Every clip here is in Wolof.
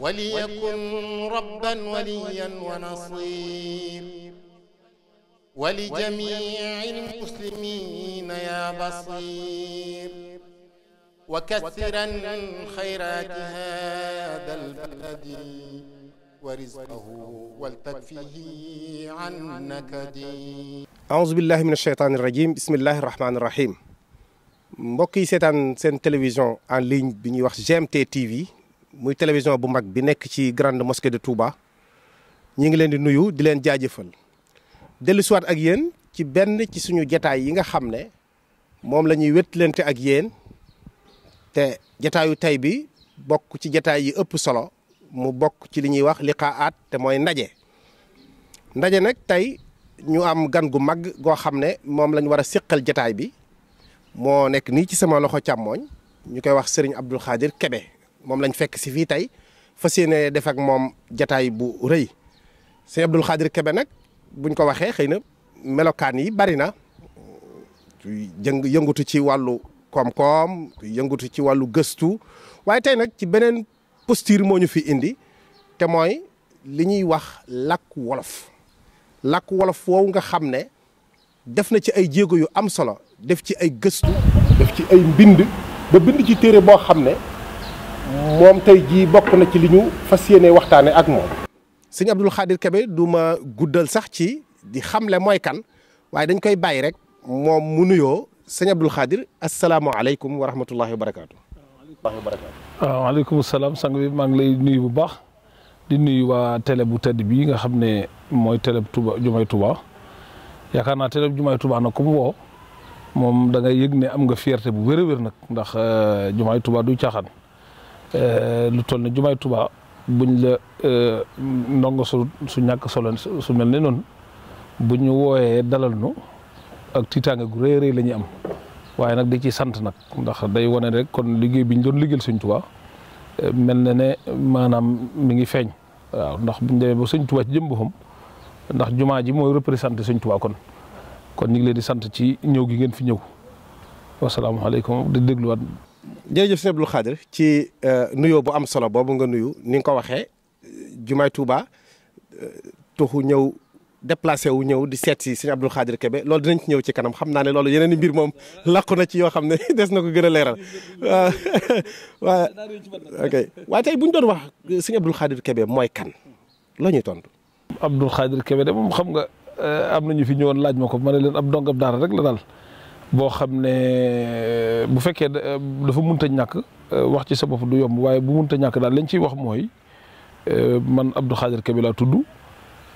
وليكن ربا وليا ونصير ولجميع المسلمين يا بصير وكثرا خيرات هذا البلد ورزقه ولتكفيه عن نكدي أعوذ بالله من الشيطان الرجيم بسم الله الرحمن الرحيم mbokk yi seetaan seen télévision en ligne bi ñuy wax GMT TV muy télévision bu mag bi nekk ci grande mosquée de Touba ñi ngi leen di nuyu di leen jaajëfal dellu ak yéen ci benn ci suñu jataay yi nga xam ne moom la ñuy wétlante ak yéen te jataayu tey bi bokk ci jataay yi ëpp solo mu bokk ci li ñuy wax liqaat te mooy ndaje ndaje nag tey ñu am gan gu mag goo xam ne moom lañu war a séqal jataay bi moo nekk nii ci sama loxo càmmooñ ñu koy wax sëriñ Abdou Khadir Kébé moom lañ fekk si fii tey fas yéene def ak moom jataay bu rëy sëñ Abdou Khadre Kébé nag buñ ko waxee xëy na melokaan yi bari na jëng yëngatu ci wàllu koom-koom yëngatu ci wàllu gëstu waaye tey nag ci beneen posture moo ñu fi indi te mooy li ñuy wax lakk wolof lakk wolof woowu nga xam ne def na ci ay jéego yu am solo def ci ay gëstu def ci ay mbind ba bind ci téere boo xam ne moom tey jii bokk na ci li ñu fas yéene waxtaane ak moom. sëñ Abdou Khadir Kébé du ma guddal sax ci di xamle mooy kan waaye dañ koy bàyyi rek moom mu nuyoo sëñ Abdou Khadir asalaamaaleykum wa rahmatullahi wa barakaatu. maa ngi lay nuyu bu baax di nuyu waa télé bu tedd bii nga xam ne mooy télé bu Touba Jumaay yaakaar naa télé bu Jumaay Touba nag ku mu moom da ngay yëg ne am nga fierté bu wér a wér nag ndax euh, Jumaay tubaa du caaxaan. Euh, lu toll ne jumaay Tuubaa buñ la euh, ndongo su su ñàkk solo su mel ne noon buñ ñu wooyee dalal nu ak tiitaange gu rey rëy la am waaye nag di ci sant nag ndax day wane rek kon liggéey bi ñu doon liggéeyal Sëñ Tuubaa euh, mel na ne maanaam mi ngi feeñ waaw ndax buñ demee ba Sëñ Tuubaa ci jëm boppam ndax jumaa ji mooy représenté Sëñ Tuubaa kon kon ñu ngi leen di sant ci ñëw gi ngeen fi ñëw wasalaamaaleykum di dégluwaat jërëjëf sëñ Abdou Khadre ci euh, nuyoo bu am solo boobu nga nuyu ni nga ko waxee euh, jumaay Touba euh, tuxu ñëw déplacé wu ñëw di seet si sëñ Abdou Khadre Kébé loolu dinañ ci ñëw ci kanam xam naa ne loolu yeneen i mbir moom làqu na ci yoo xam ne des na ko gën a leeral waaw ok waaye tey bu ñu doon wax sëñ Abdou Khadre Kébé mooy kan loo ñuy tontu. Abdou Khadre Kébé de moom xam nga am na ñu fi ñëwoon laaj ma ko ma ne leen ab dongab daara rek la daal. boo xam ne bu fekkee dafa mënta ñàkk euh, wax ci sa bopp du yomb waaye bu mënta ñàkk daal lañ ciy wax mooy euh, man Abdou Khadir Kébé laa tudd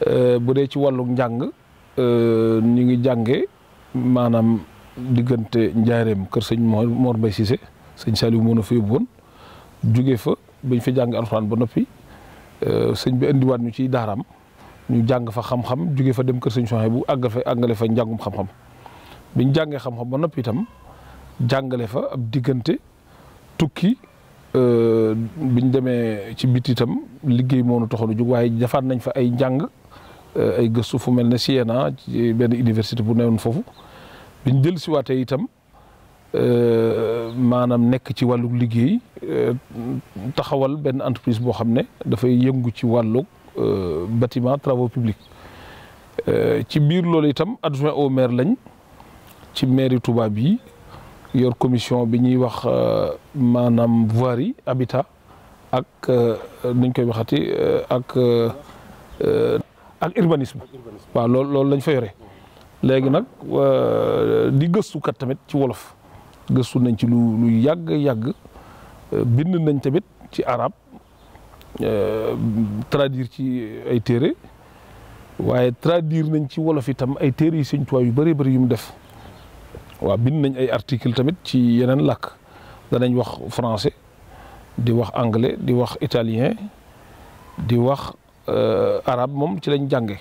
euh, bu dee ci wàllu njàng ñu ngi jànge maanaam diggante njaareem kër sëñ Mor Mbaye Cissé sëñ Saliou moo na fa yóbbu woon jóge fa bañ fa jàng alxuraan ba noppi sëñ bi indiwaat ñu ciy daaraam ñu jàng fa xam-xam jóge fa dem kër sëñ Souhaïbou bu àggal fa fa njàngum xam-xam biñ jàngee xam-xam ba noppi itam jàngale fa ab diggante tukki euh, biñ demee ci biti itam liggéey moo nu taxoon a jóg waaye defaat nañ fa ay njàng euh, ay gëstu fu mel ne Siena ci benn université bu newoon foofu biñ dellu siwaatee itam euh, maanaam nekk ci wàllu liggéey taxawal benn entreprise boo xam ne dafay yëngu ci wàllu bâtiment travaux publics ci biir loolu itam adjoint au maire lañ. ci mairie tubaab yi yor commission bi ñuy wax euh, maanaam voirie habitat ak euh, nuñ koy waxati euh, ak ak urbanisme waaw loolu loolu lañ fa yore léegi nag di gëstukat tamit ci wolof gëstu nañ ci lu lu yàgg yàgg bind nañ tamit ci arabe traduire ci ay téere waaye traduire nañ ci wolof itam ay téere yi Sëñ Tuubaa yu bëree bëri yu mu def waaw bind nañ ay article tamit ci yeneen làkk danañ wax français di wax anglais di wax italien di wax euh, arabe moom ci lañ jànge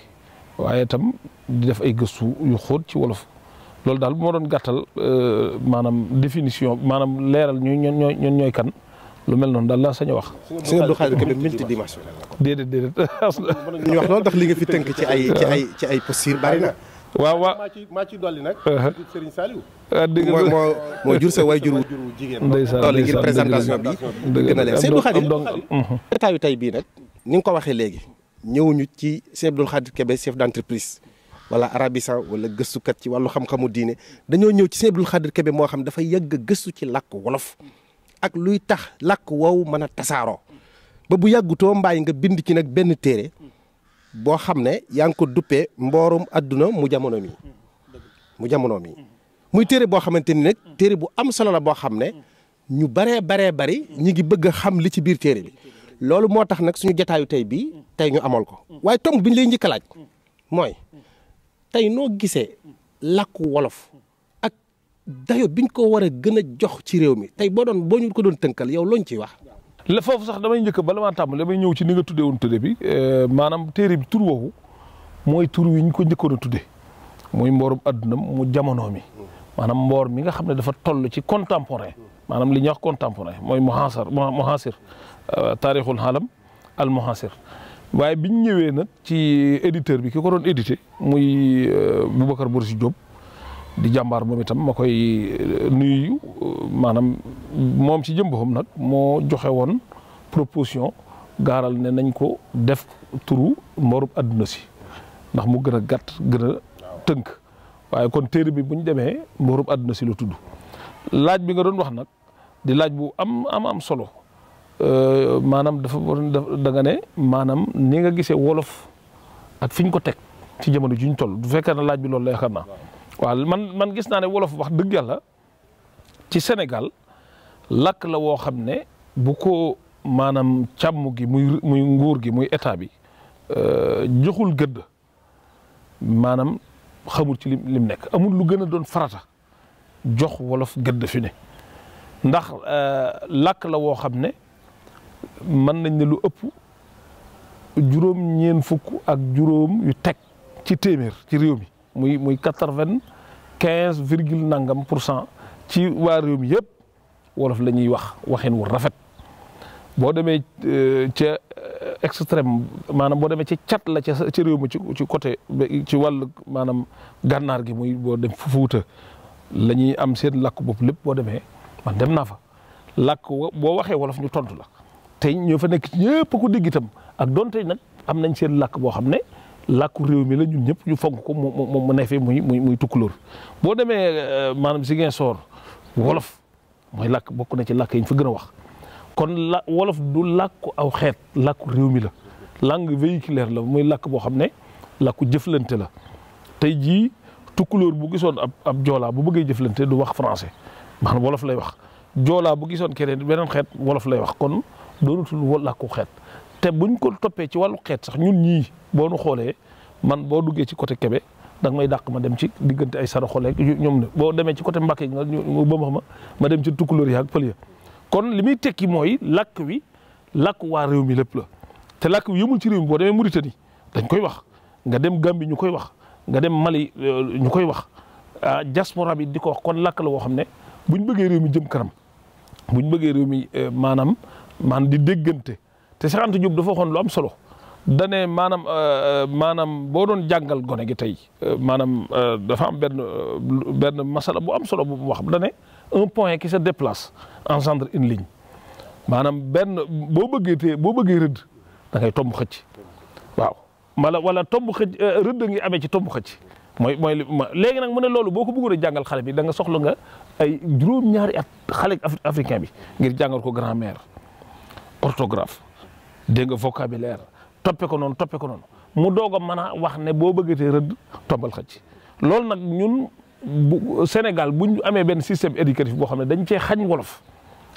waaye tam di def ay gëstu yu xóot ci wolof loolu daal bu ma doon gàttal euh, maanaam définition maanaam leeral ñu ñoon ñooy kan lu mel noonu daal laa sañ a wax. sëñ Abdou Khadre Kébé multi dimension. déedéet déedéet. ñu wax loolu ndax li nga fi tënk ci ay ci ay ci ay posture bari na. waaw waaw maa ci maa ci dolli nag. Uh-huh. Ah, moo moo jur sa waajur wu jigéen. ndeysaan dolli ngir présentation bi. dëgg la Seydou Khadim mm-hmm. état yu tey bii nag ni nga ko waxee léegi ñëwuñu ci Cheikh Abdoul Khadir Kébé chef d'entreprise. wala arabisan wala gëstukat ci wàllu xam-xamu diine dañoo ñëw ci Cheikh Abdoul Khadir moo xam dafa yàgg gëstu ci làkk wolof. ak luy tax làkk woowu mën a tasaaroo. ba bu yàggutoo mbaay nga bind ci nag benn téere boo xam ne yaa ngi ko duppee mboorum àdduna mu jamono mi mm, mu jamono mi mm. muy téere boo xamante ni nag téere bu am solo la boo xam ne mm. ñu baree baree bari ñi ngi bëgg xam li ci biir téere bi loolu moo tax nag suñu jotaayu tey bii tey ñu amoon ko waaye tomb bi ñu lay njëkkalaaj mooy tey noo gisee làkku wolof ak dayo biñ ko war a gën a jox ci réew mi tey boo doon boo ñu ko doon tënkal yow looñ ciy wax la foofu sax damay njëkk bala maa tàmbali damay ñëw ci ni nga tuddee woon tudde bi euh, maanaam téere bi tur woowu mooy tur wi ñu ko njëkkoon a tuddee muy mboorum addunam mu jamono mi maanaam mboor mi nga xam ne dafa toll ci contemporain maanaam li ñuy wax contemporain mooy muhaasir muhaasir euh, taarixul xaalam al muhaasir waaye biñ ñëwee nag ci éditeur bi ki ko doon édité muy euh, Boubacar Boris Diop di jàmbaar moom itam ma koy euh, nuyu euh, maanaam moom ci jëm boppam nag moo joxe woon proposition gaaral ne nañ ko def turu mborub àdduna si ndax mu gën a gàtt gën a tënk waaye kon téere bi bu ñu demee mborub àdduna si la tudd laaj bi nga doon wax nag di laaj bu am am am solo euh, maanaam dafa da nga ne maanaam ni nga gisee wolof ak fi ñu ko teg ci jamono ji ñu toll du fekkee ne laaj bi loolu lay xam naa waa man man gis naa ne wolof wax dëgg yàlla ci Sénégal lakk la woo xam ne bu ko maanaam càmm gi muy muy nguur gi muy état bi euh, joxul gëdd maanaam xamul ci lim nekk amul lu gën a doon farata jox wolof gëdd fi ne ndax euh, lakk la woo xam ne mën nañ ne lu ëpp juróom ñeen fukk ak juróom yu teg ci téeméer ci réew mi muy muy quatre-vingt-quinze virgule nangam pour cent ci waa réew mi yëpp wolof la ñuy wax waxin wu rafet boo demee euh, ca euh, extrême maanaam boo demee ci cat la ca ci réew mi ci ci côté ci wàllu maanaam gànnaar gi muy boo dem Fuuta la ñuy am seen lakk bopp lépp boo demee man dem fa lakk boo waxee wolof ñu tontu lakk te ñoo fa nekk ñëpp ko dégg itam ak donte nag am nañ seen lakk boo xam ne. làkku réew mi la ju ñëpp ñu fonk ko mu mu neefee muy muy muy tukkulóor boo demee euh, maanaam Ziguinchor wolof mooy làkk bokk na ci làkk yiñ ñu gën a wax kon la wolof du làkku aw xeet làkku réew mi la langue véhiculaire la muy lakk boo xam ne làkku jëflante la tey jii tukkulóor bu gisoon ab ab joolaa bu bëggee jëflante du wax français maanaam wolof lay wax joolaa bu gisoon keneen beneen xeet wolof lay wax kon doonatul làkku xeet te buñ ko toppee ci wàllu xeet sax ñun ñii boo nu xoolee man boo duggee ci côté Kébé da nga may dàq ma dem ci diggante ay saraxoleeg ñoom ne boo demee ci côté Mbacke nga ba ma ma dem ci tukkulóor yi ak pël kon li muy tekki mooy lakk wi lakk waa réew mi lépp la te lakk wi yëmul ci réew mi boo demee Mauritanie dañ koy wax nga dem Gambie ñu koy wax nga dem Mali euh, ñu koy wax ah diaspora bi di ko wax kon lakk la woo xam ne buñ bëggee réew mi jëm kanam buñ bëggee réew mi euh, maanaam man di déggante te Cheikh Anta Diop dafa waxoon lu am solo dane maanaam euh, euh, maanaam boo doon jàngal gone gi tey euh, maanaam dafa am benn benn masala boo am solo bu mu wax dane un point qui se déplace engendre une ligne maanaam benn boo bëggee te boo bëggee rëdd da ngay tomb xëcc waaw mala wala tomb xëcc rëdd ngi amee ci tomb xëcc mooy mooy léegi nag mu ne loolu boo ko bëggoon a jàngal bi da nga soxla nga ay juróom ñaar at xale africain bi ngir jàngal ko grammaire orthographe dégg nga vocabulaire toppe ko noonu toppe ko noonu mu doog a mën a wax ne boo bëggatee rëdd tombal xëcc loolu nag ñun bu Sénégal buñ amee benn système éducatif boo xam ne dañ cee xañ wolof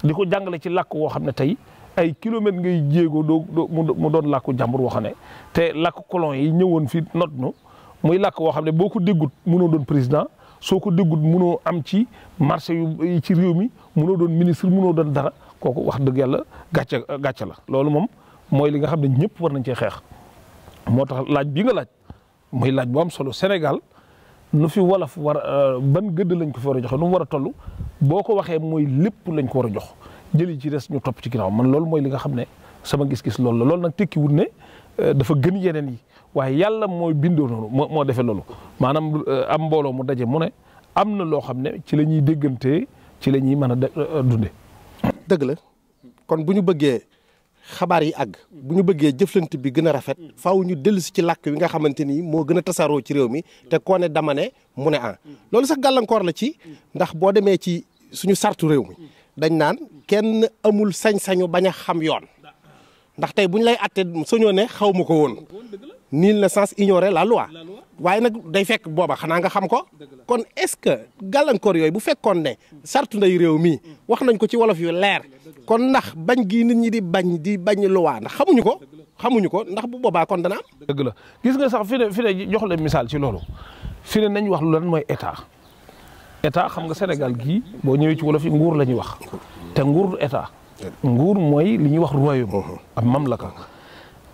di ko jàngale ci lakk woo xam ne tey ay kilomètres ngay jéego doo doo mu doon làkku jàmbur woo xam ne te lakk colon yi ñëwoon fii not nu muy lakk woo xam ne boo ko déggut mënoo doon président soo ko déggut mënoo am ci marché yu ci réew mi mënoo doon ministre mënoo doon dara kooku wax dëgg yàlla gàcce gàcce la moom mooy li nga xam ne ñëpp war nañ cee xeex moo tax laaj bii nga laaj mooy laaj bu am solo Sénégal nu fi wolof war euh, ban gëdd lañ ko fi war a joxe nu war a tollu boo ko waxee mooy lépp lañ ko war a jox jëli ci des ñu topp ci ginnaaw man loolu mooy li nga xam ne sama gis-gis loolu lool loolu tekki tekkiwul ne euh, dafa gën yeneen yi waaye yàlla mooy bindoo noonu moo moo defee loolu maanaam euh, am mbooloo mu daje mu ne am na loo xam ne ci la ñuy déggante ci la ñuy mën a dundee. dëgg la xabaar yi àgg bu ñu bëggee jëflante bi gën a rafet faaw ñu si ci làkk wi nga xamante ni moo gën a tasaaroo ci réew mi te koo ne dama ne mu ne ah loolu sax gàllankoor la ci ndax boo demee ci suñu sartu réew mi dañ naan kenn amul sañ-sañu bañ a xam yoon ndax tey bu ñu lay atte sañoo ne xaw ma ko woon nul ne censé ignorer la loi waaye nag day fekk booba xanaa nga xam ko kon est-ce que gàllankoor yooyu bu fekkoon ne charte nday réew mi wax nañ ko ci wolof yu leer kon ndax bañ gii nit ñi di bañ di bañ loi ndax xamuñu ko xamuñu ko ndax bu boobaa kon dana dëgg la gis nga sax fi ne fi ne jox la misaal ci loolu fi ne nañ wax lu lan mooy état état xam nga Sénégal gii boo ñëwee ci wolof yi nguur la wax te nguur état nguur mooy li ñuy wax royaume ab mamlaka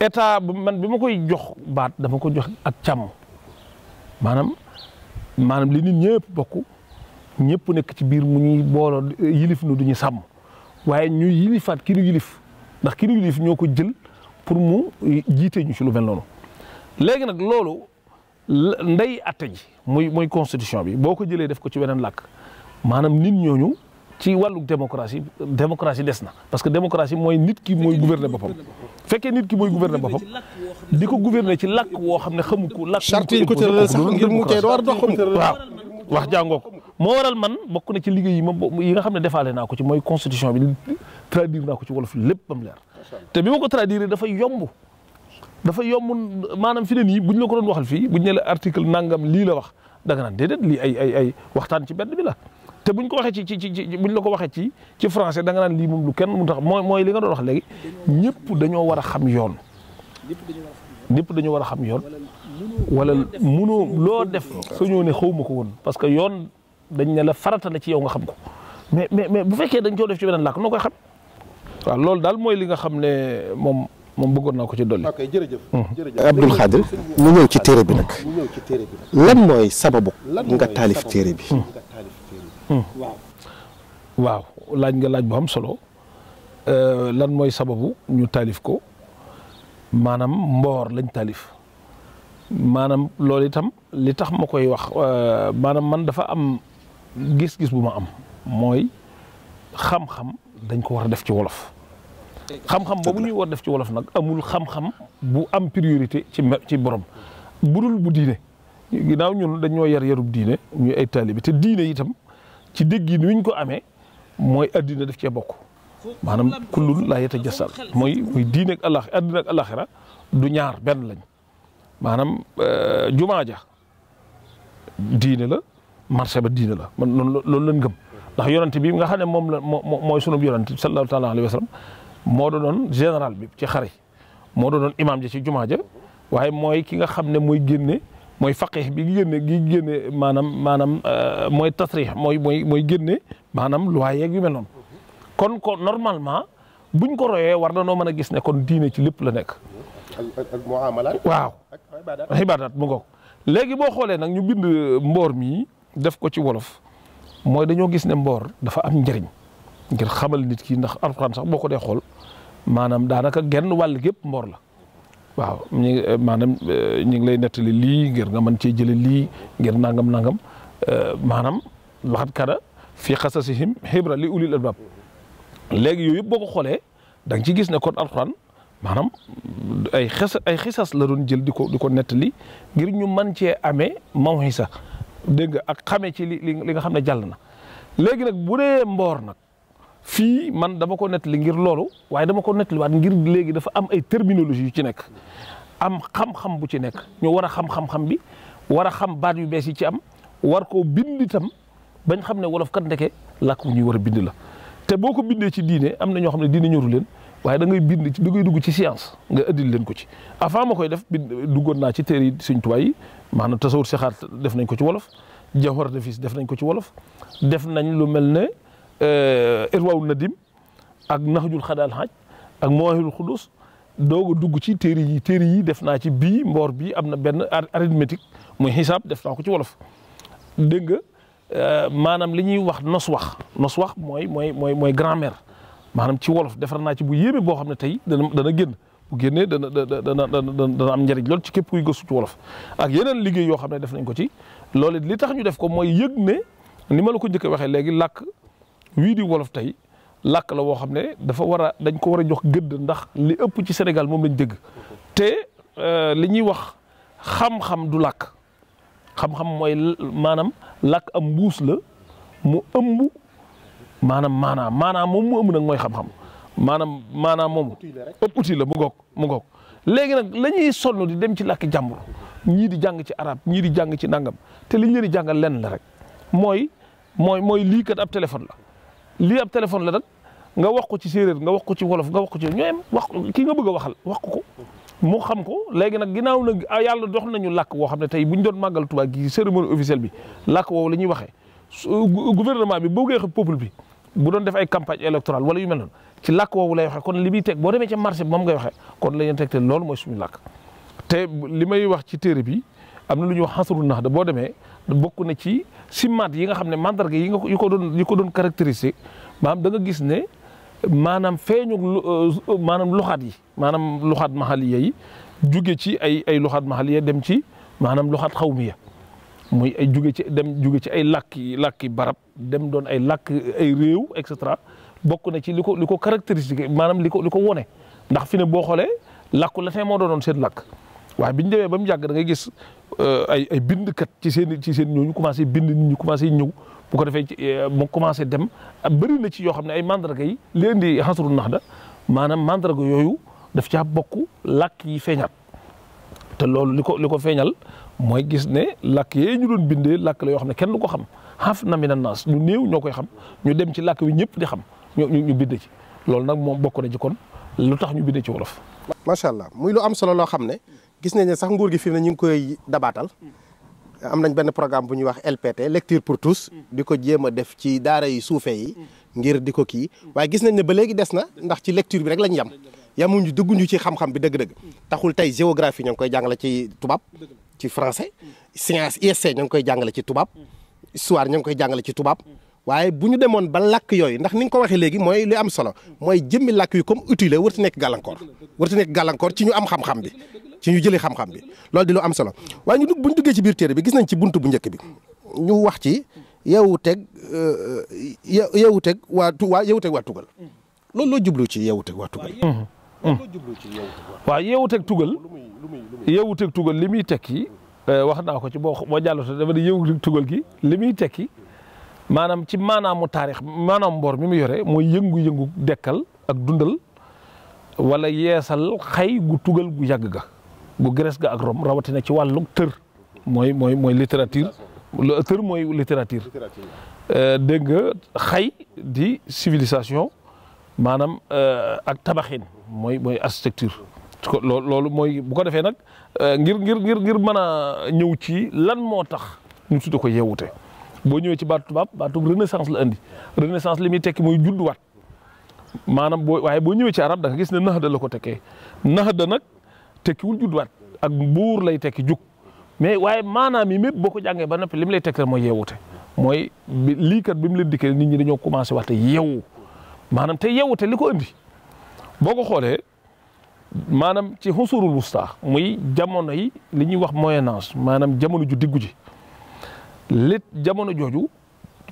état man bi ma koy jox baat dama ko jox ak càmm maanaam maanaam li nit ñëpp bokk ñëpp nekk ci biir mu ñuy booloo yilif nu ñu sàmm waaye ñu yilifaat ki nu yilif ndax ki yilif ñoo ko jël pour mu jiite ñu ci lu mel léegi nag loolu ndey atte ji muy mooy constitution bi boo ko jëlee def ko ci weneen lakk maanaam nit ñooñu. ci wàllu démocratie démocratie des na parce que démocratie mooy nit ki mooy gouverner boppam fekkee nit ki mooy gouverner boppam di ko gouverner ci làkk woo xam ne xamu ko làkk charte yi ko tëral sax ngir mu tee war dox wax jàngoo ko moo waral man bokk na ci liggéey yi ma yi nga xam ne defaale naa ko ci mooy constitution bi traduire naa ko ci wolof lépp bam leer te bi ma ko traduire dafa yomb dafa yomb maanaam fi ne nii buñ la ko doon waxal fii buñ ne la article nangam lii la wax da nga naan déedéet lii ay ay ay waxtaan ci benn bi la te buñ ko waxee ci ci ci la ko waxee ci ci français da nga naan lii moom lu kenn mu tax mooy mooy li nga doon wax léegi ñëpp dañoo war a xam yoon. ñëpp dañoo war a xam yoon. wala munoo loo def soo ñëw ne xawma ko woon parce que yoon dañ ne la faratale ci yow nga xam ko mais mais mais bu fekkee dañ koo def ci beneen làkk noo koy xam. waaw loolu daal mooy li nga xam ne moom. moom bëggoon naa ko ci dolli. ok jërëjëf. Hmm. jërëjëf Abdoul Khadir. mu ñëw ci téere bi nag. lan mooy sababu. nga taalif téere bi. Hmm. Hmm. waaw. waaw laaj nga laaj bu am solo euh, lan mooy sababu ñu taalif ko maanaam mboor lañ taalif maanaam loolu itam li tax ma koy wax euh, maanaam man dafa am gis-gis bu ma am mooy xam-xam dañ ko war a def ci wolof. xam-xam boobu ñuy war def ci wolof nag amul xam bu am priorité ci ci borom budul bu diine ginnaaw ñun dañoo yar yarub diine ñuy ay taalibe te diine itam. ci dégg yi ni ñu ko amee mooy addina daf cee bokk maanaam kullul laa yeta jasal mooy muy diine ak allah addina ak alaxira du ñaar benn lañ maanaam euh, jumaa ja diine la marché ba diine la man loolu lañ gëm ndax yonent bi nga xam ne moom la moo mooy sunub yonent sallallahu taala alayhi wa sallam moo doonoon général bi ci xare moo doonoon imam ja ci jumaa ja waaye mooy ki nga xam ne mooy génne mooy faqih bi génne gi génne maanaam maanaam euh, mooy tasrix mooy mooy mooy génne maanaam loi yeeg yu mel noon kon ko normalement buñ ko royee war na noo mën a gis ne kon diine ci lépp la nekk. ak waaw ak ibaadaat mu ngoog léegi boo xoolee nag ñu bind euh, mboor mi def ko ci wolof mooy dañoo gis ne mboor dafa am njëriñ ngir xamal nit ki ndax alxuraan sax boo ko dee xool maanaam daanaka genn wàll gépp mboor la. waaw ñu eh, maanaam eh, ñu ngi lay nettali lii ngir nga mën cee jële lii ngir nangam nangam eh, maanaam laxat kada fii xasasihim xibra li ulil albab léegi yooyu yëpp boo ko xoolee da ci gis ne kon alxuraan maanaam ay xes ay xisas la doon jël di ko di ko nettali ngir ñu man cee amee mawhisa dégg nga ak xamee ci li li nga xam ne jàll na léegi nag bu dee mboor nag fii man dama ko nettali ngir loolu waaye dama ko nettaliwaat ngir léegi dafa am ay terminologie yu ci nekk am xam-xam bu ci nekk ñoo war a xam xam bi war a xam baat yu bees yi ci am war koo bind itam bañ xam ne wolof kat ndeke lakk bu ñuy war a bind la te boo ko bindee ci diine am na ñoo xam ne diine ñoru leen waaye da ngay bind da ngay dugg ci science nga indil leen ko ci avant ma koy def bind duggoon naa ci téere yi Sëñ Tuubaa yi maanaam tasawur sixaar def nañ ko ci wolof jawhar nafis def nañ ko ci wolof def nañ lu mel ne Euh, irwaawul nadim ak naxjul xadaal xaaj ak mawahirul xudus doog dugg ci téere yi téere yi def naa ci bii mboor bii am na benn arithmétique mooy xisaab def naa ko ci wolof dégg nga euh, maanaam li ñuy wax nos wax nos wax mooy mooy mooy mooy grammaire maanaam ci wolof defar naa ci bu yéeme boo xam ne tey dana dana génn bu génnee dana dana dana am njëriñ lool ci képp kuy gëstu ci wolof ak yeneen liggéey yoo xam ne def nañ ko ci lool li tax ñu def ko mooy yëg ne ni ma la ko njëkk a waxee léegi làkk wii di wolof tey lakk la woo xam ne dafa war a dañ ko war a jox gëdd ndax li ëpp ci Sénégal moom lañ dégg te euh, li ñuy wax xam-xam du lakk xam-xam mooy maanaam lakk am mbuus la mu ëmb maanaam maanaam maanaam moom mu ëmb nag mooy xam-xam maanaam maanaam moomu ëpp outil la mu goog mu goog léegi nag la ñuy sonn di dem ci lakk jàmbur ñii di jàng ci arab ñii di jàng ci nangam te li leen di jàngal leen la rek mooy mooy mooy lii kat ab téléphone la lii ab téléphone la nag nga wax ko ci séeréer nga wax ko ci wolof nga wax ko ci ñooyam wax ki nga bëgg a waxal wax ko ko mu xam ko léegi nag ginnaaw nag ah, yàlla dox nañu làkk woo xam ne tey bu ñu doon màggal Tuubaa gi cérémonie officielle bi làkk woowu la ñuy waxee euh, euh, gouvernement bi boo xam peuple bi bu doon def ay campagne électorale wala yu mel noonu ci làkk woowu lay waxee kon li muy teg boo demee ci marché bi moom ngay waxee kon la ñuy teg te loolu mooy suñu làkk te li may wax ci téere bi am na lu ñuy wax xasaru nax da boo demee bokk na ci simaat yi nga xam ne mandarga yi nga ko yi ko doon yi ko doon caractérisé maanaam da nga gis ne maanaam feeñu euh, maanaam luxaat yi maanaam luxaat maxaliya yi juge ci ay ay luxaat maxaliya dem ci maanaam luxaat xawmiya muy ay juge ci dem juge ci ay làkk yi làkki barab dem doon ay lakk ay réew et cetera bokk na ci li ko li ko caractéristique maanaam li ko li ko wone ndax fi ne boo xoolee làkku latin moo doonoon seen lakk waaye bi ñu demee ba mu yàgg da ngay gis euh, ay ay bindkat ci seen ci seen ñooñu commencé bind ñu commencé ñëw bu ko defee euh, mu commencé dem bëri na ci yoo xam ne ay mandarga yi leen di xasru nax da maanaam mandarga yooyu daf caa bokk lakk yi feeñal te loolu li ko li ko feeñal mooy gis ne làkk yee ñu doon bindee làkk la yoo xam ne kenn du ko xam xaf na mina naas ñu néew ñoo koy xam ñu dem ci làkk wi ñëpp di xam ñu ñu bind ci loolu nag moom bokk na ci kon lu tax ñu bind ci wolof. macha allah muy lu am solo loo xam ne gis nañ ne sax nguur gi fi ñu ngi koy dabaatal am nañ benn programme bu ñuy wax LPT lecture pour tous di ko jéem a def ci daara yi suufee yi ngir di ko kii waaye gis nañ ne ba léegi des na ndax ci lecture bi rek lañ yam yamuñu dugguñu ci xam-xam bi dëgg-dëgg taxul tey géographie ñoo ngi koy jàngale ci tubaab ci français science ISC ñoo koy jàngale ci tubaab histoire ñoo ngi koy jàngale ci tubaab waaye bu ñu demoon ba lakk yooyu ndax ni nga ko waxee léegi mooy lu am solo mooy jëmmi làkk yu comme utile warti nekk gàllankoor warti nekk gàllankoor ci ñu am xam bi ci ñu jëlee xam-xam bi loolu di lu am solo waa ñu buñ duggee ci biir téere gis nañ ci bunt bu njëkk bi ñu wax ci yeewu teg euh, yeewu teg waa waa yeewu teg waa tugal loolu loo jublu ci yeewu teg waa tugal waaw teg tugal yeewu teg tugal li muy tekki euh, wax naa ko ci boo boo jàllata dafa ne yeewu teg tugal gi li muy tekki maanaam ci mu taarix maanaam mboor mi mu yore mooy yëngu-yëngu dekkal ak dundal wala yeesal xay gu tugal gu yàgg ga bu Grèce ga ak Rome rawatina ci wàllu tër mooy mooy mooy littérature tër mooy littérature euh, dégg nga xay di civilisation maanaam euh, ak tabaxin mooy mooy architecture loolu mooy bu ko defee nag euh, ngir ngir ngir ngir mën a ñëw ci lan moo tax ñu tudde ko yeewute boo ñëwee ci baatu tubaab baatu renaissance la andi renaissance li muy tekki muy judduwaat maanaam boo waaye boo ñëwee ci arab da nga gis ne naxda la ko tekkee naxda nag tekkiwul judduwaat ak buur lay tekki jug mais waaye maanaam mii mépp boo ko jàngee ba noppi li mu lay tekki mooy yeewute mooy bi lii kat bi mu leen dikkee nit ñi dañoo commencé wax te yeewu maanaam te yeewute li ko indi boo ko xoolee maanaam ci xusurul wustaa muy jamono yi li ñuy wax moyen âge maanaam jamono juddi diggu ji li jamono jooju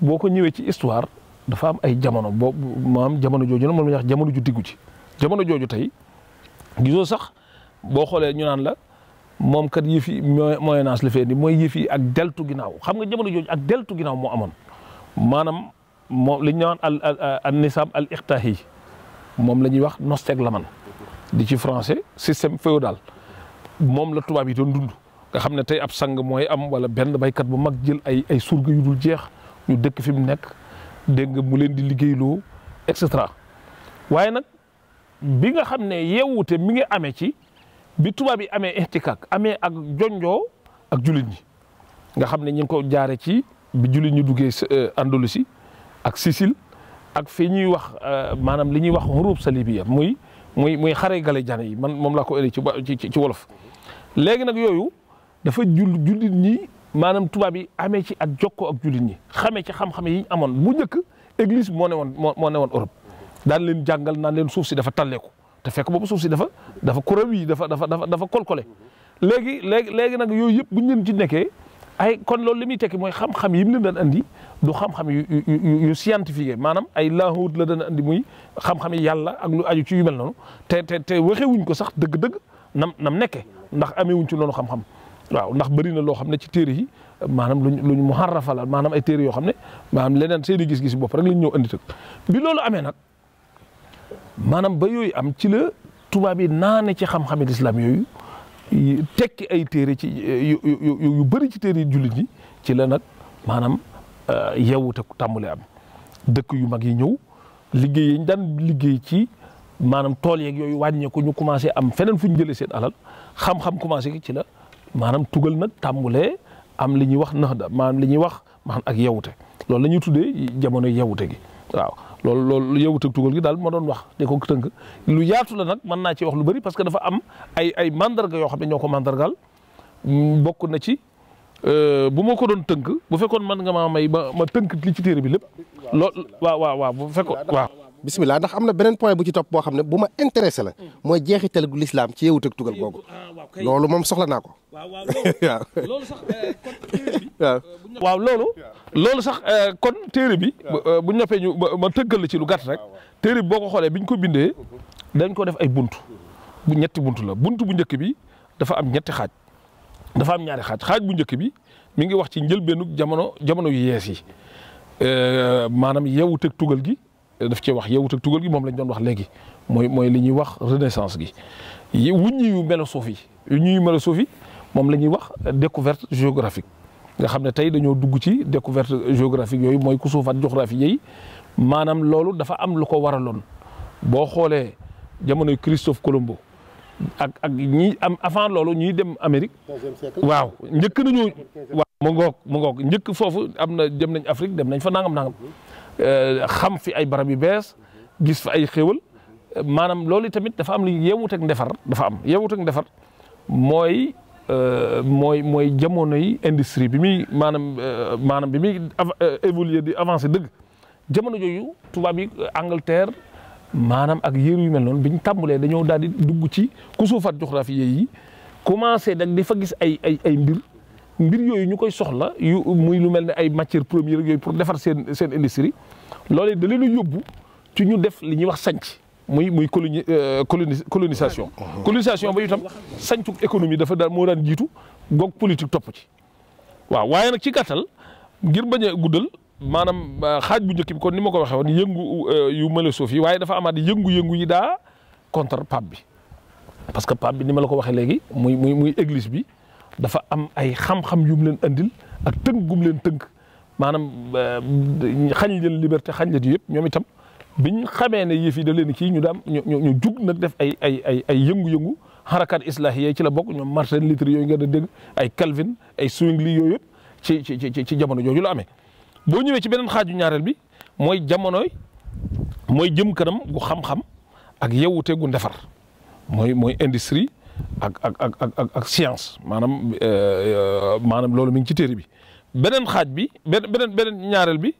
boo ko ñëwee ci histoire dafa am ay jamono boo maanaam jamono jooju la moom la jamono ju diggu ji jamono jooju tey gisoo sax boo xoolee ñu naan la moom kat yëf yi moyen âge la fee ni mooy yëf yi ak deltu ginaaw xam nga jamono jooju ak deltu ginnaaw moo amoon maanaam moom li naan al al nisaab al iqtaahi moom la ñuy wax la man di ci français système féodal moom la tubaab yi doon dund nga xam ne tey ab sang mooy am wala benn baykat bu mag jël ay ay surga yu dul jeex ñu dëkk fi mu nekk dégg nga mu leen di liggéeyloo et cetera waaye nag bi nga xam ne yeewute mi ngi amee ci bi tubaab yi amee ihtikak amee ak jonjoo ak julit ñi nga xam ne ñu ngi ko jaare ci bi jullit ñi duggee euh, Andalusi ak Sicile ak fi ñuy wax euh, maanaam li ñuy wax hurub salibiya muy muy muy xare gale jane yi man moom laa ko ëllëg ci ci wolof. léegi nag yooyu dafa jul jullit ñi maanaam tubaab yi amee ci ak jokkoo ak jullit ñi xamee ci xam-xam yi ñu amoon mu njëkk église moo ne woon moo ne woon Europe daan leen jàngal naan leen suuf si dafa talleeku te fekk boobu suuf si dafa dafa kuraw yi dafa dafa dafa dafa kolkole léegi léegi léegi nag yooyu yëpp bu ñu leen ci nekkee ay kon loolu li muy tekki mooy xam-xam yi mu leen daan andi du xam-xam yu yu scientifique maanaam ay laahut la daan andi muy xam-xam yi yàlla ak lu aju ci yu mel noonu te te te waxewuñ ko sax dëgg-dëgg nam nam nekke ndax amewuñ ci loonu xam-xam waaw ndax bëri na loo xam ne ci téere yi maanaam luñ luñ mu xarrafa la maanaam ay téere yoo xam ne maanaam leneen seeni gis-gis bopp rek lañ ñëw andi tëg bi loolu amee nag ba yooyu am ci la tubaab yi naane ci xam-xami lislaam yooyu tekki ay téere ci yu bëri ci téere jullit yi ci la nag maanaam euh, yeewute ku tàmbali am dëkk yu mag yi ñëw liggéey yañ daan liggéey ci maanaam tool yeeg yooyu wàññeeku ñu commencé am feneen fu ñu jëlee seen alal xam-xam commencé ci la maanam tugal nag tàmbule am li ñuy wax nax da maanaam li ñuy wax maanaam ak yeewute loolu la ñuy tuddee jamono yeewute gi. waaw loolu loolu yeewut ak tugal gi daal ma doon wax di ko tënk lu yaatu la nag mën naa ci wax lu bëri parce que dafa am ay ay mandarga yoo xam ne ñoo ko mandargaal mm, bokk na ci euh, bu ma ko doon tënk bu fekkoon mën nga maa may ma ma tënk li ci téere bi lépp. loolu waaw waaw waaw bu fekkoon waaw. bisimilah ndax am na beneen point bu ci topp boo xam ne bu ma intéressé la hmm. mooy jeexital gu lislaam ci yeewut ak tugal googu ah, loolu moom soxla naa ko. waaw waaw loolu sax waaw loolu. Euh, loolu sax euh, kon téere bi euh, bu ñu noppee ñu ma tëggal ci lu gàtt rek téere boo ko xoolee bi ñu ko bindee dañ ko def ay bunt bu ñetti bunt la bunt bu njëkk bi dafa am ñetti xaaj dafa am ñaari xaaj xaaj bu njëkk bi mi ngi wax ci njëlbeenu jamono jamono yu yees yi euh, maanaam yeewuteeg tugal gi daf cee wax yeewuteeg tugal gi moom lañ doon wax léegi mooy mooy li ñuy wax renaissance gi wuññi yu melo suuf yi yu ñuy melo suuf yi moom la ñuy wax découverte géographique nga xam ne tey dañoo dugg ci découverte géographique yooyu mooy ku suufaat géographie yi maanaam loolu dafa am lu ko waraloon boo xoolee jamonoy Christophe Colombo ak ak ñi am avant loolu ñuy dem Amérique. waaw njëkk nañu. waaw mu njëkk foofu am na dem nañ Afrique dem nañ fa nangam nangam euh, xam fi ay barab yu bees gis fa ay xéwal euh, maanaam loolu tamit dafa am lu yeewuteeg ndefar dafa am yeewuteeg ndefar mooy. Euh, mooy mooy jamono yi industrie bi muy maanaam euh, maanaam bi muy euh, évoluer di avancer dëgg jamono jooju tubaab yi Angleterre maanaam ak yéer yu mel noonu bi ñu tàmbalee dañoo daal di dugg ci kusuufaat géographie yi commencé nag di fa gis ay ay ay mbir mbir yooyu ñu koy soxla yu muy lu mel ni ay matières premières yooyu pour defar seen seen industrie loolee da leen a yóbbu ci ñu def li ñuy wax sanc muy muy coloni euh, colonisation. Ah, colonisation ba itam sañcu économie dafa daal moo daan jiitu goog politique topp ci. waaw waaye nag ci gàttal ngir bañ a guddal maanaam euh, xaaj bu njëkk bi kon ni ma ko waxee woon yëngu euh, yu mëlesoof yi waaye dafa amaat yëngu-yëngu yi daa contre pape bi. parce que pape bi ni ma la ko waxee léegi muy muy muy église bi dafa am ay xam-xam yu leen andil ak tënk gum leen tënk maanaam xañ leen liberté xañ leen yëpp ñoom itam. bi xamee ne yëf yi da leen kii ñu daam ñu ñu jug nag def ay ay ay ay yëngu-yëngu xarakaat islaahiya ci la bokk ñoom Martin Luther yooyu nga da dégg ay Calvin ay Zwingli yooyu ci ci ci ci jamono jooju la amee. boo ñëwee ci beneen xaaju ñaareel bi mooy jamonoy mooy jëm kanam gu xam-xam ak yewute gu ndefar mooy mooy industrie ak ak ak ak ak science euh, euh, maanaam loolu mi ci téere bi beneen xaaj bi beneen beneen ñaareel bi.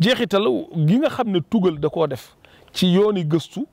jeexital gi nga xam ne tugal da koo def ci yooni gëstu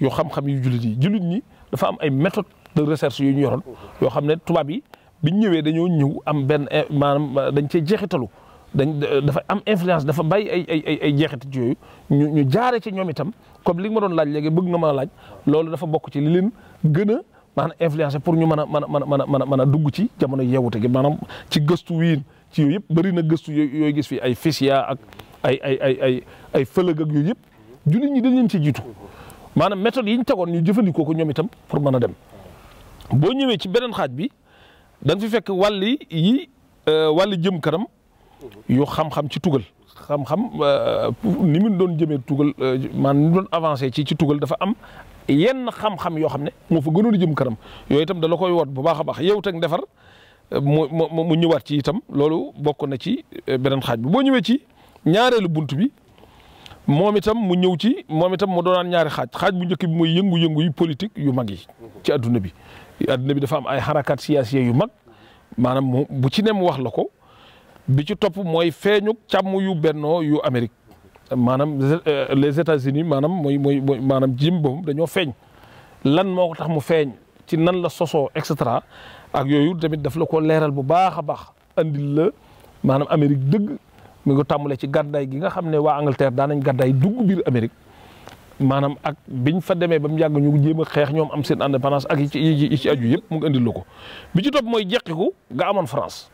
yoo xam-xam yu jullit yi jullit ñi dafa am ay méthode de recherche yu ñu yoroon yoo xam ne tubaab yi biñ ñëwee dañoo ñëw am benn eh, maanaam eh, dañ cee jeexitalu dañ eh, dafa am influence dafa bàyyi ay ay ay jeexital yooyu ñu ñu jaare ci ñoom itam comme li nga ma doon laaj léegi bëgg nga mën a laaj loolu dafa bokk ci li leen gën a maanaam influence pour ñu mën a mën a mën a mën a mën a dugg ci jamono yeewute gi maanaam ci gëstu wiin ci yooyu yëpp bëri na gëstu yooyu gis fi ay fisia ak ay ay ay ay ay fëlëg ak yooyu yëpp jullit ñi dañ leen ci jiitu maanaam méthode yi ñu tegoon ñu jëfandikoo ko ñoom itam pour mën a dem boo ñëwee ci beneen xaaj bi da nga fi fekk wàll yi euh, wàll jëm këram yu xam-xam ci tugal xam-xam euh, ni mu doon jëmee tugal euh, maanaam ni doon avancé ci ci tugal dafa am yenn xam yoo xam ne moo fa gënoon jëm kanam yooyu itam da la koy woot bu baax a baax yow teg defar mu ñëwaat ci itam loolu bokk na ci beneen xaaj bi boo ñëwee ci. ñaareelu bunt bi moom itam mu ñëw ci moom itam mu doonaan ñaari xaaj xaaj bu njëkk bi mooy yëngu-yëngu yu politique yu mag yi ci adduna bi adduna bi dafa am ay xarakaat siyaasiye yu mag maanaam bu ci nem wax la ko bi ci topp mooy feeñu càmm yu bennoo yu Amérique maanaam euh, les États-Unis maanaam mooy mooy maanaam jim boobu dañoo feeñ lan moo ko tax mu feeñ ci nan la sosoo et cetera ak yooyu tamit daf la ko leeral bu baax a baax andil la maanaam Amérique dëgg mi ngi tàmbale ci gàddaay gi nga xam ne waa Angleterre daan nañ gàddaay dugg biir Amérique maanaam ak biñ fa demee ba mu yàgg ñu jéem a xeex ñoom am seen indépendance ak yi ci yi ci aju yëpp mu ngi andil la ko bi mooy jeqiku nga amoon France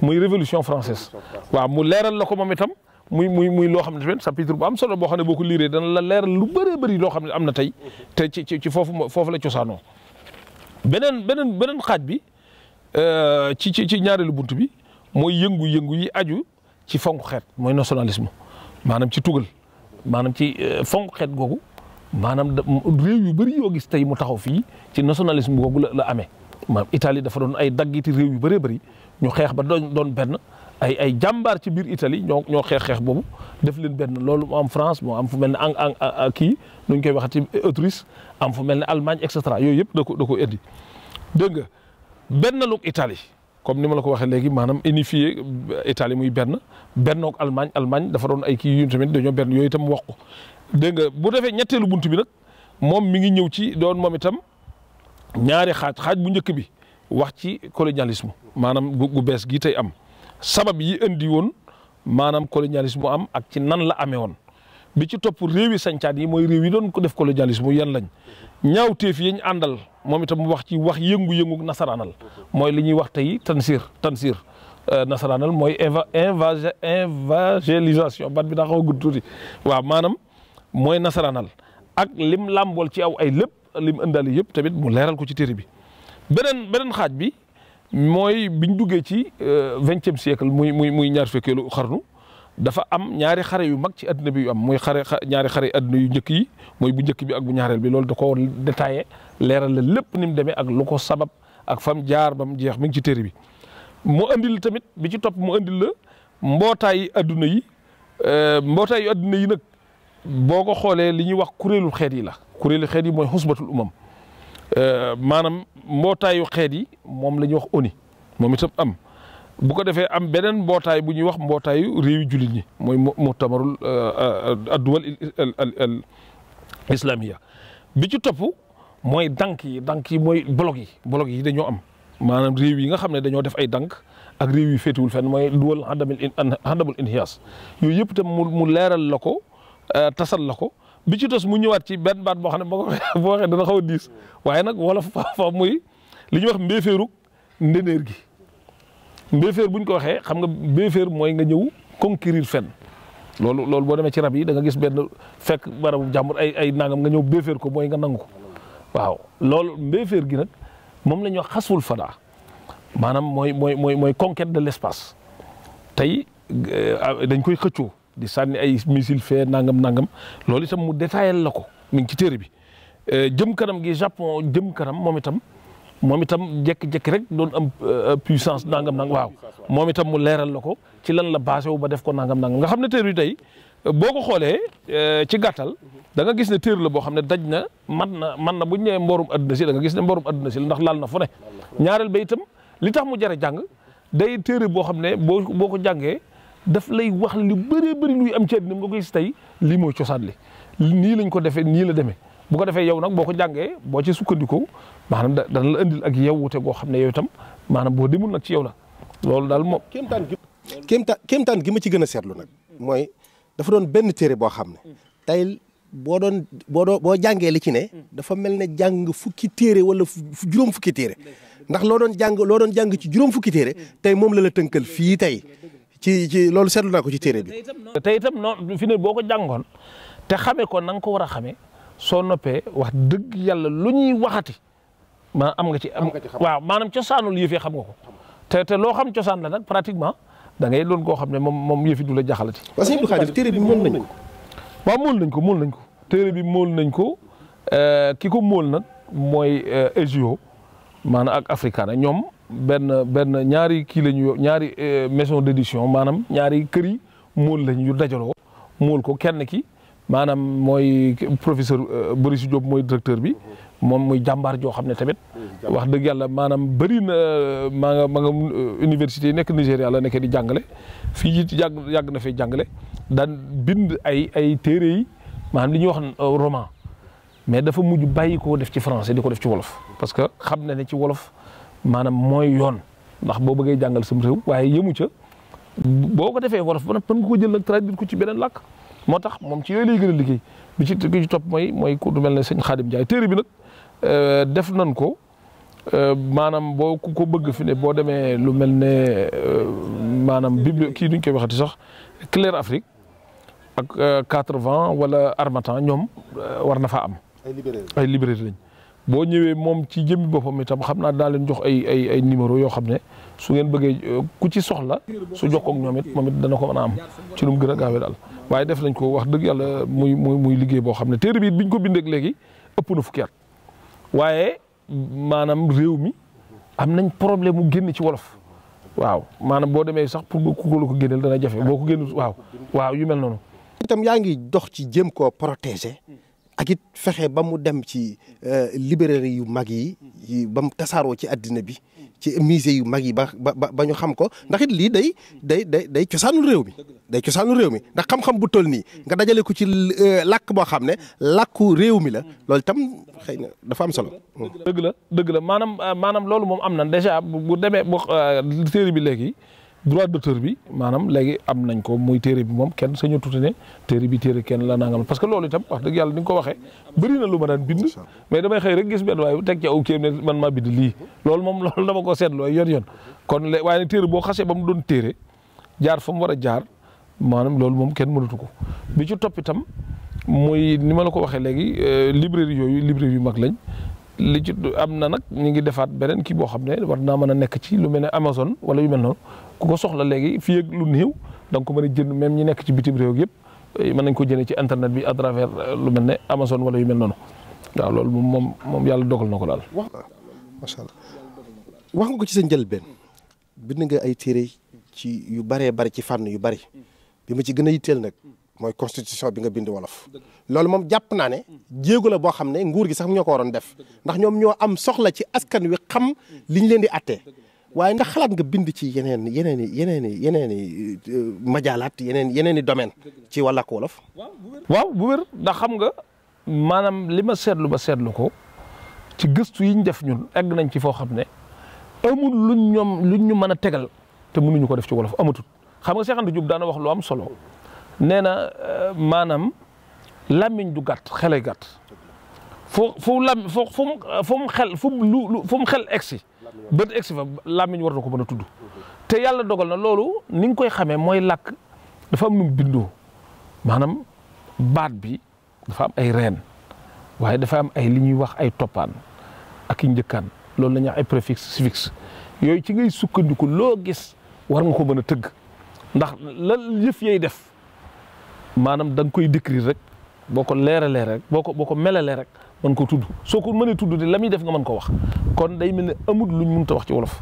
muy révolution française waaw mu leeral la ko moom itam muy muy muy loo xam ne tamit chapitre bu am solo boo xam ne boo ko liiree dana la leeral lu bëree bëri loo xam ne am na tey te ci ci foofu foofu la cosaanoo beneen beneen xaaj bi euh, ci ci ci ñaareelu bunt bi mooy yëngu-yëngu yi aju ci fonk xeet mooy nationalisme maanaam ci tugal maanaam ci euh, fonk xeet googu maanaam réew yu bëri yoo gis tey mu taxaw fii ci nationalisme googu la la amee maanaam Italie dafa doon ay daggiti réew yu bëree bari ñu xeex ba doon doon benn ay ay jàmbaar ci biir Italie ñoo ñoo xeex xeex boobu def leen benn loolu mu am France moo am fu mel ne ang ang kii nu ñu koy waxati autrice am fu mel ne Allemagne et cetera yooyu yëpp da ko da ko indi dégg nga benn lug Italie comme ni ma la ko waxee léegi maanaam unifié euh, Italie muy benn benn Allemagne Allemagne dafa doon ay kii yu tamit dañoo benn yooyu itam wax ko. dégg bu defee ñetteelu bunt bi nag moom mi ngi ñëw ci doon moom itam ñaari xaaj xaaj bu njëkk bi wax ci colonialisme maanaam gu bees gi tey am sabab yi indi woon maanaam colonialisme am ak ci nan la amee woon bi ci topp réewi sañcaat yi mooy réew yi doon ko def colonialisme yan lañ. ñaawteef yi ñu àndal moom itam wax ci wax yëngu-yëngu nasaraanal mooy li ñuy wax tey tansir tansir euh, nasaraanal mooy évangélisation bat bi daa xaw a gudd tuuti waaw maanaam mooy nasaraanal ak lim làmbool ci aw ay lépp lim ëndaale yëpp tamit mu leeral ko ci téere bi beneen beneen xaaj bi mooy biñ duggee ci euh, vingtième siècle muy muy muy ñaar fekkeelu xarnu dafa am ñaari xare yu mag ci adduna bi yu am muy xare ñaari xare adduna yu njëkk yi mooy bu njëkk bi ak bu ñaareel bi loolu da ko détaillé leeral la lépp ni mu demee ak lu ko sabab ak fam jaar ba mu jeex mi ngi ci téere bi mu andil tamit bi ci topp mu andil la mbootaayu adduna yi euh, mbootaayu adduna yi nag boo ko xoolee li ñuy wax kuréelu xeet yi la kuréelu xeet yi mooy xusbatul umam euh, maanaam mbootaayu xeet yi moom la ñuy wax ONU moom itam am bu ko defee am beneen mbootaay bu ñuy wax mbootaayu réewi jullit ñi mooy mutamarul euh, euh, adduwal al islamiya bi ci topp mooy dank yi dank yi mooy bloc yi bloc yi dañoo am maanaam réew yi nga xam ne dañoo def ay dank ak réew yi féetiwul fenn mooy duwal xandamul inhiyaas yooyu yëpp tam mu leeral la ko euh, tasal la ko bi ci tos mu ñëwaat ci benn baat boo xam ne boo ko waxee dana xaw a diis waaye nag wolof fa muy li ñuy wax mbéeféerug ndeneer gi mbéeféer bu ñu ko waxee xam nga mbéeféer mooy nga ñëw conquérir fen loolu loolu boo demee ci rab yi da nga gis benn fekk barabu jàmbur ay ay nangam nga ñëw mbéeféer ko mooy nga nangu ko waaw loolu mbéeféer gi nag moom la ñuy wax xaswul fadaa maanaam mooy mooy mooy mooy conquête de l'espace tey euh, ah, dañ koy xëccoo di sànni ay missile fee nangam nangam loolu itam mu détaillé la ko mu ngi ci téere bi euh, jëm kanam gi Japon jëm kanam moom itam. moom itam jékki-jékki rek doon am euh, puissance nangam nangam waaw moom itam mu leeral la ko ci lan la basé wu ba def ko nangam nangam nga xam ne téer yi tey euh, boo ko xoolee euh, ci gàttal danga gis ne téer la boo xam ne daj na man na man na bu ñu mborum mboorum si la nga gis ne mboorum adduna si ndax laal na fu ne ñaareel ba itam li tax mu jare jàng day téere boo xam ne boo boo ko jàngee daf lay wax lu bëree bëri luy am ci àddina nga koy gis tey lii mooy cosaan li nii lañ ko defee nii la demee bu ko defee yow nag boo ko jàngee boo ci sukkandiku maanaam dana la indil ak wute goo xam ne yow itam maanaam boo demul nag ci yow la loolu daal moom. kéemtaan gi kéemtaan kéemtaan gi ma ci gën a seetlu nag mooy dafa doon benn téere boo xam ne tey boo doon boo doon boo jàngee li ci ne dafa mel ne jàng fukki téere wala juróom fukki téere ndax loo doon jàng loo doon jàng ci juróom fukki téere tey moom la la tënkal fii tey ci ci loolu seetlu naa ko ci téere bi. tey itam noonu fi ne boo ko jàngoon te xamee ko na nga ko war a xamee soo noppee wax dëgg yàlla lu waxati. ma am nga ci am waaw maanaam cosaanul yëf yi xam nga ko te loo xam cosaan la nag pratiquement da ngay doon koo xam ne moom moom yëf du la jaxalati parce que Abdou Khadir téere bi mool nañ ko waaw mool nañ ko mool nañ ko téere bi mool nañ ko euh, ki ko mool nag mooy EGIO euh, maanaam ak na ñoom benn benn ñaari kii la ñu ñaari euh, maison d'édition maanaam ñaari kër yi mool lañ yu dajaloo mool ko kenn ki maanaam mooy professeur Boris Diop mooy directeur bi moom mooy jàmbaar joo xam ne tamit wax dëgg yàlla maanaam bëri na euh, maa ma nga euh, université yi nekk Nigéria la nekkee di jàngale fii it yàgg yàgg na jàngale daan bind ay ay téere yi maanaam li ñuy wax euh, roman mais dafa mujj bàyyi koo def ci francais di ko def ci wolof parce que xam na ne ci wolof maanaam mooy yoon ndax boo bëggee jàngal sam réew waaye yëmu ca boo ko defee wolof ba nag mën jël nag traduire ko ci beneen lakk moo tax moom ci yooyu lay gën a liggéey bi ci ci mooy mooy ku du mel ne sëñ Xaadim Njaay téere bi nag Euh, def nan ko euh, maanaam boo ku ko bëgg fi ne boo demee lu mel ne euh, maanaam bibli kii duñ koy waxati sax Clair Afrique ak quatre vents wala Harmattan ñoom war na faa am. ay librairie lañ. boo ñëwee moom ci jëmmi boppam itam xam naa daa leen jox ay ay ay numéro yoo xam ne su ngeen bëggee ku ci soxla su jox koog ñoom it moom it dana ko mën a am ci lu mu gën a gaawee daal waaye def nañ ko wax dëgg yàlla muy muy muy liggéey boo xam ne téere bi it biñ ko bindee léegi ëpp na fukki at waaye maanaam réew mi am nañ problème mu génn ci wolof waaw maanaam boo demee sax pour nga ku ko génneel dana jafe boo ko génn waaw waaw yu mel noonu. itam yaa ngi dox ci jëm koo protéger ak it fexe ba mu dem ci euh, librairie yu mag yi ba mu tasaaroo ci addina bi. ci musée yu mag yi ba ba ba ñu xam ko ndaxit lii day day day day cosaanu réew mi day cosaanu réew mi ndax xam-xam bu toll nii nga dajale ko ci euh, lakk boo xam ne làkku réew mi la loolu itam xëy na dafa am solo. dëgg la dëgg la maanaam euh, maanaam loolu moom am na déjà bu demee bo euh, série bi léegi. droit d'auteur bi maanaam léegi am nañ ko muy téere bi moom kenn sañu tuuti ne téere bi téere kenn la nangam parce que loolu itam wax dëgg yàlla ni nga ko waxee bëri na lu ma daan bind mais damay xëy rek gis benn waaye teg ca moom loolu dama ko seetlu ay yoon kon lé waaye ne boo xasee ba mu doon téere jaar fa mu war a jaar maanaam loolu moom kenn mënatu ko bi ci topp itam muy ni ma la ko waxee léegi euh, librairie yooyu librairie yu mag lañ li ci am na nag ñu ngi defaat beneen kii boo xam ne war naa mën a nekk ci lu mel ne Amazon wala yu mel noonu ku ko soxla léegi fii ak lu néew da nga ko mën a jënd même ñi nekk ci bitim réew yëpp eh, mën nañ ko jëlee ci internet bi à euh, lu mel ne Amazon wala yu mel noonu waaw loolu moom moom yàlla dogal na daal. wax macha allah wax nga ko ci sa njëlbeen bind nga ay téere ci yu bëree bëri ci fànn yu bëri bi ma ci gën a yitteel nag mooy constitution bi nga bind wolof. loolu moom jàpp naa ne jéego la boo xam ne nguur gi sax ñoo ko waroon def ndax ñoom ñoo am soxla ci askan wi xam li ñu leen di attee waaye ndax xalaat nga bind ci yeneen yeneen i yeneen i yeneen i euh, majaalaat yeneen yeneen i domaine ci wàllak wolof waaw bu wér ndax xam nga maanaam li ma seetlu ba seetlu ko ci gëstu yi ñu def ñun egg nañ ci foo xam ne amul luñ ñoom luñ ñu mën a tegal te mënuñu ko def ci wolof amatul xam nga Cheikh Anta daana wax lu am solo nee na euh, maanaam làmmiñ du gàtt xelay gàtt foo fu lam xel fu mu xel egsi bët egsi fa làmmiñ war na ko mën a tudd te yàlla dogal na loolu ni koy xamee mooy lakk dafa am nu bindoo maanaam baat bi dafa am ay reen waaye dafa am ay li ñuy wax ay toppaan ak i njëkkaan loolu la ñuy ay préfixe suffixe yooyu ci ngay sukkandiku loo gis war nga ko mën a tëgg ndax la yëf yay def maanaam da koy décrire rek boo ko leeralee rek boo ko boo ko melalee rek mën ko tudd soo ko mënee tudd di la muy def nga mën ko wax kon day mel ne amul luñ mënut a wax ci wolof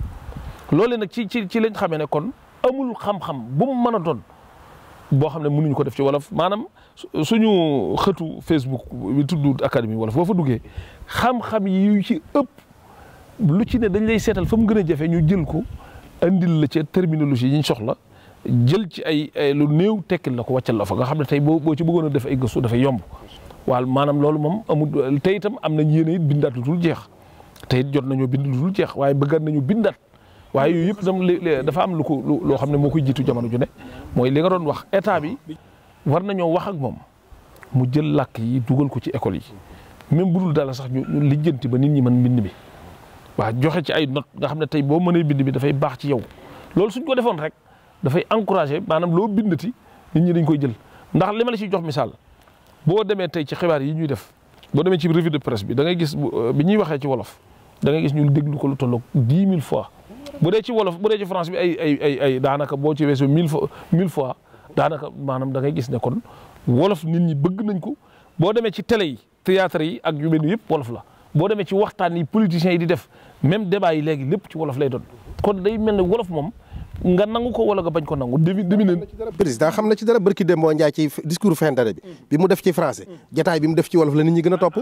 loolee nag ci ci ci lañ xamee ne kon amul xam-xam bu mu mën a doon boo xam ne mënuñ ko def ci wolof maanaam suñu xëtu Facebook bi tudd académie wolof boo fa duggee xam-xam yi yu ci ëpp lu ci ne dañ lay seetal fa mu gën a jafe ñu jël ko andil la ca terminologie yi ñu soxla jël ci ay lu néew tekkil la ko wàccal la fa ga xam ne tey boo boo ci bëggoon def ay gëstu dafay yomb waaw maanaam loolu moom amul te itam am na yéene it bindaat lu dul jeex te it jot nañoo bind lu dul jeex waaye bëggaat nañu bindaat waaye yooyu yëpp itam dafa am lu ko loo xam ne moo koy jiitu jamono ju ne mooy li nga doon wax état bi war nañoo wax ak moom mu jël làkk yi dugal ko ci école yi même bu dala sax ñu lijjanti ba nit ñi mën mbind mi waaw joxe ci ay notes nga xam ne tey boo mënee bind bi dafay baax ci yow loolu suñ ko defoon rek dafay encouragé maanaam loo bindati nit ñi dañ koy jël ndax li ma la ciy jox misaal. boo demee tey ci xibaar yi ñuy def boo demee ci revue de presse bi dangay ngay gis euh, bi ñuy waxee ci wolof da gis ñu déglu ko lu tolloog dix mille fois bu dee ci wolof bu dee ci France bi ay ay ay ay daanaka boo ci weesoo mille fois mille fois daanaka maanaam da ngay gis ne kon wolof nit ñi bëgg nañ ko boo demee ci télé yi théâtre yi ak yu yëpp wolof la boo demee ci waxtaan yi politiciens yi di def même débat yi léegi lépp ci wolof lay doon kon day mel ne wolof moom nga nangu ko wala nga bañ ko nangu domine président xam na ci dara bërki dem boo njaay ci discours fin mm. bi mu def ci français mm. jataay bi mu def ci wolof la nit ñi gën a topp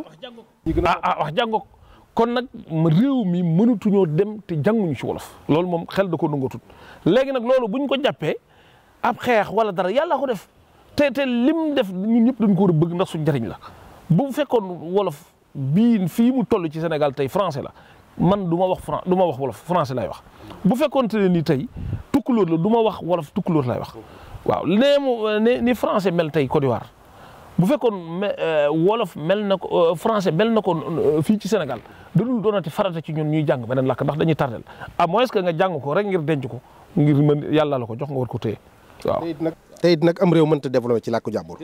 ah ah wax jàngoo ah, ah, kon nag réew mi mënatuñoo dem te jànguñu ci wolof loolu moom xel da ko nangatut léegi nag loolu bu ñu ko jàppee ab xeex wala dara yàlla ko def te te lim def ñun ñëpp dañ ko war a bëgg ndax suñ njëriñ la bu fekkoon wolof bii fii mu toll ci Sénégal tey français la man du ma wax fran du ma wax wolof français lay wax bu fekkoon te ne ni tey tukkulóor la ma wax wolof tukkulóor lay wax waaw nee mu ni français mel tey Côte d'Ivoire bu fekkoon euh, wolof mel na ko euh, français mel na ko euh, fii ci Sénégal da dul doonati farata ci ñun ñuy jàng beneen làkk ndax dañuy tardel à moins nga jàng ko rek ngir denc ko ngir mën yàlla la ko jox nga war ko téye waaw. tey it nag am réew ta développé ci làkku jàmbur.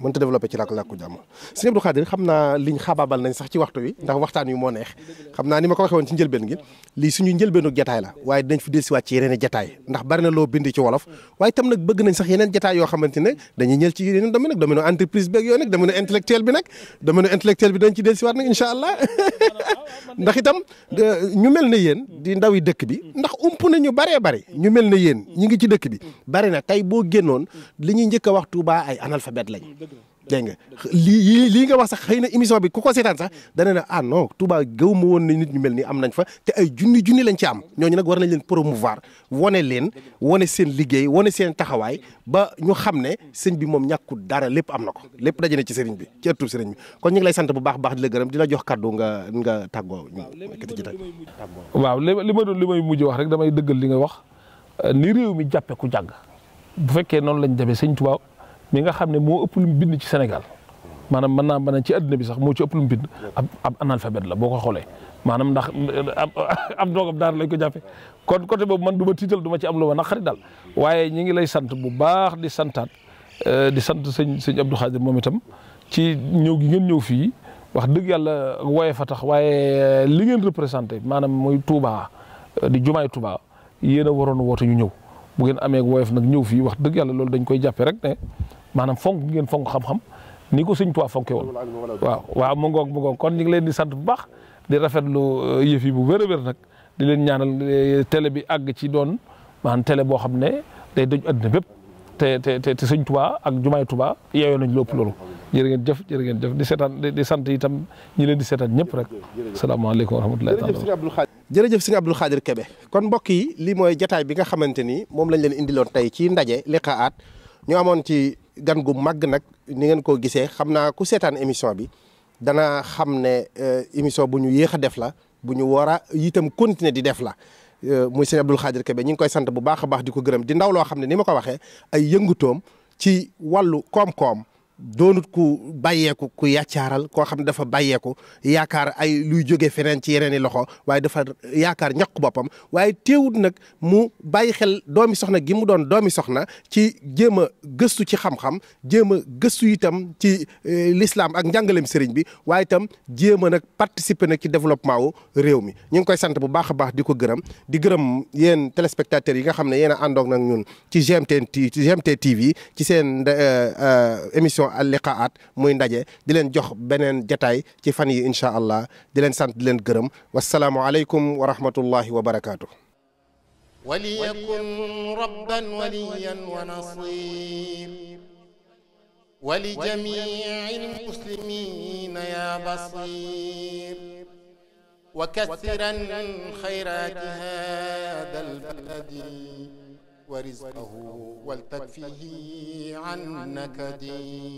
mënta développé ci làkku-làkku jàmm sëñ Abdou Khadir xam naa liñ xabaabal nañ sax waxtu wi ndax waxtaan wi moo neex xam naa ni ma ko waxee woon ci njëlbeen gi lii suñu njëlbeenu jataay la waaye dinañ fi dellusiwaat ci yeneen jataay ndax barina loo bind ci wolof waaye itam nag bëgg nañ sax yeneen jataay yoo xamante ne dañuy ñël ci yeneen domaine nag domaine entreprise beeg yooyu nag domaine intellectuel bi nag domaine intellectuel bi dañ ci dellusiwaat nag incha allah ndax itam ñu mel ne yéen di ndaw yi dëkk bi ndax ump nañu baree bari ñu mel ne yéen ñi ngi ci dëkk bi bari na tey boo génnoon li ñuy njëkk wax Tuubaa ay analphabète lañ dégg nga lii lii nga wax sax xëy na émission bi ko ko seetaan sax dana ne ah non Touba gëw ma woon ne nit ñu mel nii am nañ fa te ay junni junni lañ ci am ñooñu nag war nañ leen promouvoir wane leen wane seen liggéey wane seen taxawaay ba ñu xam ne sëñ bi moom ñàkkul dara lépp am na ko lépp daje na ci sëriñ bi ci ëttub sëriñ bi kon ñu ngi lay sant bu baax baax di la gërëm di la jox kaddu nga nga tàggoo. waaw li ma doon li may mujj wax rek damay dëggal li nga wax ni réew mi jàppee ku jàng bu fekkee noonu lañ demee sëñ Touba mi nga xam ne moo ëpp lu mu bind ci Sénégal maanaam mën naa mën ci àdduna bi sax moo ci ëpp lu mu bind ab ab analphabète la boo ko xoolee maanaam ndax am doogam daara lañ ko jàppe kon côté boobu man du ma tiital du ma ci am lu ma naqari daal waaye ñi ngi lay sant bu baax di santaat euh, di sant sëñ sëñ Abdou Khadir moom itam ci ñëw gi ngeen ñëw fii wax dëgg yàlla wooye fa tax waaye euh, li ngeen représenté maanaam mooy Touba euh, di jumaay Touba yéen a waroon woote ñu ñëw bu ngeen amee woyef nag ñëw fii wax dëgg yàlla loolu dañ koy jàppe rek ne maanaam fonk ngeen fonk xam-xam ni ko sëñ Tuubaa fonke woon waaw waaw mu ngoog mu ngoog kon ñu ngi leen di sant bu baax di rafetlu euh, yëf yi bu wér a nag di leen ñaanal euh, télé bi àgg ci doon maanaam télé boo xam ne day doj àddina bépp te te te sëñ Tuubaa ak jumaay Tuubaa yeewee nañ lépp loolu jërë ngeen jëf jërë ngeen jëf di seetaan di sant itam ñi leen di seetaan ñëpp rek salaamaaleykum wa rahmatullahi taala jërëjëf sëñ Abdou Khadre Kébé kon mbokk yi lii mooy jataay bi nga xamante ni moom lañ leen indiloon tey ci ndaje liqaat ñu amoon ci gan gu màgg nag ni ngeen ko gisee xam naa ku seetaan émission bi dana xam ne euh, émission bu ñu yéex a def la bu ñu war a itam continuer di def la euh, muy sëñ Abdou Khadre Kébé ñu ngi koy sant bu baax a baax di ko gërëm di ndaw loo xam ne ni ma ko waxee ay yëngutoom ci wàllu koom-koom doonut ku bàyyeeku ku yàccaaral koo xam ne dafa bàyyeeku yaakaar ay luy jóge feneen ci yeneen i loxo waaye dafa yaakaar ñaq boppam waaye teewut nag mu bàyyi xel doomi soxna gi mu doon doomi soxna ci jéem a gëstu ci xam-xam jéem a gëstu itam ci eh, lislaam ak njàngaleem sëriñ bi waaye itam jéem a nag participer nag ci développement wu réew mi ñu ngi koy sant bu baax a baax di ko gërëm di gërëm yéen téléspectateurs yi nga xam ne yéen a àndoog nag ñun ci GMT ci GMT TV ci seen eh, eh, émission émission al liqaat muy ndaje di leen jox beneen jataay ci fan yi incha allah di leen sant di leen gërëm wasalaamualeykum wa rahmatullahi wa barakaatu. وليكن ربا وليا ونصير ولجميع المسلمين يا بصير وكثرا خيرات هذا البلد ورزقه ولتكفيه عن نكدي